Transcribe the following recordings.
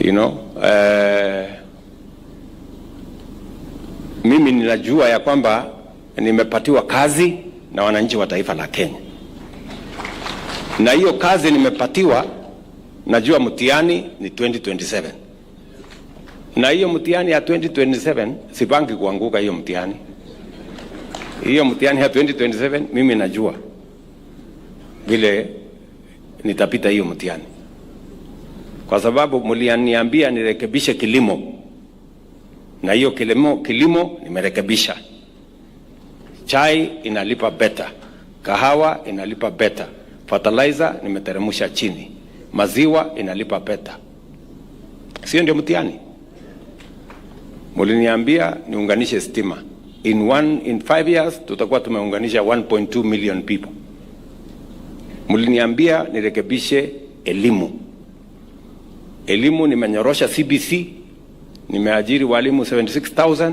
you know, eh, mimi ninajua ya kwamba nimepatiwa kazi na wananchi wa taifa la Kenya, na hiyo kazi nimepatiwa, najua mtihani ni 2027 na hiyo mtihani ya 2027 sipangi kuanguka. Hiyo mtihani hiyo mtihani ya 2027 mimi najua vile nitapita hiyo mtihani kwa sababu mlianiambia nirekebishe kilimo, na hiyo kilimo, kilimo nimerekebisha. Chai inalipa beta, kahawa inalipa beta, fertilizer nimeteremsha chini, maziwa inalipa beta. Sio ndio mtihani? Muliniambia niunganishe stima in one, in five years tutakuwa tumeunganisha 1.2 million people. Muliniambia nirekebishe elimu Elimu nimenyorosha CBC, nimeajiri walimu 76000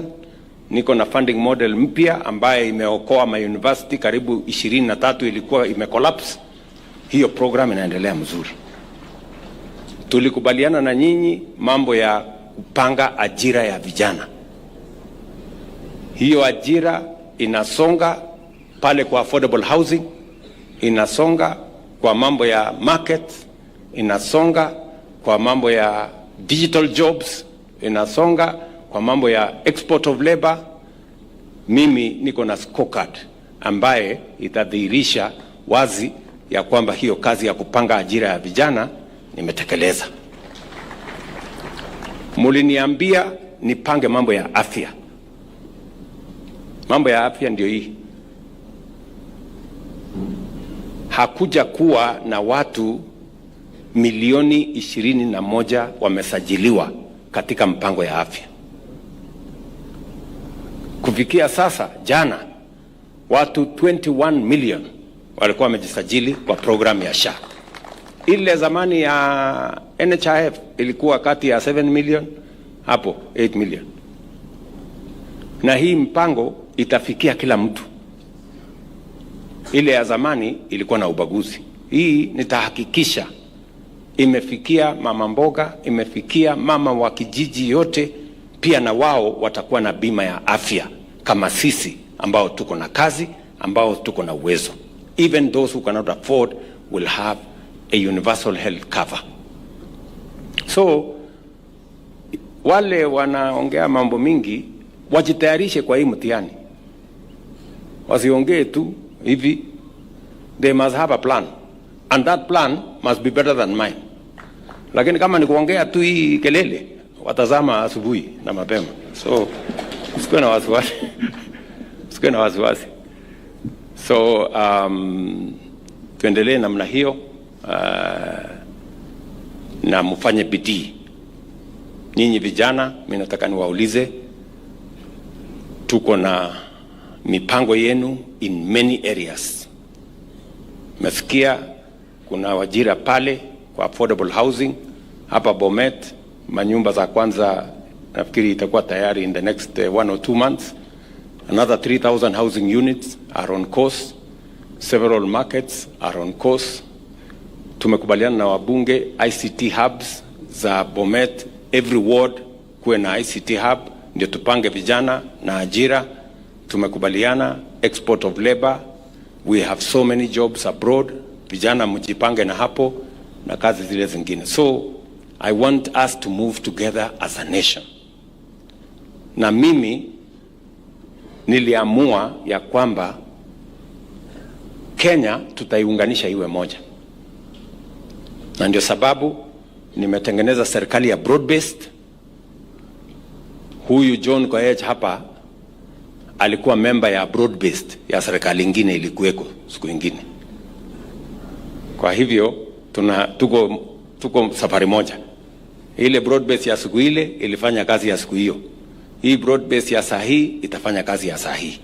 niko na funding model mpya ambaye imeokoa my university karibu 23 ilikuwa imecollapse. Hiyo program inaendelea mzuri. Tulikubaliana na nyinyi mambo ya kupanga ajira ya vijana. Hiyo ajira inasonga pale kwa affordable housing, inasonga kwa mambo ya market, inasonga kwa mambo ya digital jobs inasonga, kwa mambo ya export of labor. Mimi niko na scorecard ambaye itadhihirisha wazi ya kwamba hiyo kazi ya kupanga ajira ya vijana nimetekeleza. Muliniambia nipange mambo ya afya. Mambo ya afya ndio hii. Hakuja kuwa na watu milioni ishirini na moja wamesajiliwa katika mpango ya afya. Kufikia sasa jana, watu 21 million walikuwa wamejisajili kwa programu ya SHA. Ile zamani ya NHIF ilikuwa kati ya 7 million hapo 8 million, na hii mpango itafikia kila mtu. Ile ya zamani ilikuwa na ubaguzi. Hii nitahakikisha imefikia mama mboga, imefikia mama wa kijiji yote, pia na wao watakuwa na bima ya afya kama sisi ambao tuko na kazi, ambao tuko na uwezo. Even those who cannot afford will have a universal health cover. So wale wanaongea mambo mingi wajitayarishe kwa hii mtihani, wasiongee tu hivi. They must have a plan and that plan must be better than mine lakini kama ni kuongea tu hii kelele watazama asubuhi na mapema, so usikuwe na wasiwasi usikuwe na wasiwasi. So um, tuendelee namna hiyo uh, na mfanye bidii nyinyi vijana. mi nataka niwaulize, tuko na mipango yenu in many areas. Mesikia kuna wajira pale kwa affordable housing hapa Bomet, manyumba za kwanza nafikiri itakuwa tayari in the next eh, one or two months. Another 3000 housing units are on course, several markets are on course. Tumekubaliana na wabunge ICT hubs za Bomet, every ward kuwe na ICT hub ndio tupange vijana na ajira. Tumekubaliana export of labor, we have so many jobs abroad. Vijana mjipange na hapo na kazi zile zingine. So I want us to move together as a nation. Na mimi niliamua ya kwamba Kenya tutaiunganisha iwe moja, na ndio sababu nimetengeneza serikali ya broad based. Huyu John Koech hapa alikuwa memba ya broad based ya serikali ingine ilikuweko siku ingine, kwa hivyo tuna, tuko, tuko safari moja. Ile broad base ya siku ile ilifanya kazi ya siku hiyo, hii broad base ya saa hii itafanya kazi ya saa hii,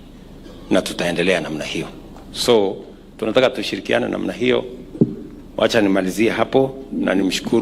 na tutaendelea namna hiyo. So tunataka tushirikiane namna hiyo. Wacha nimalizie hapo na nimshukuru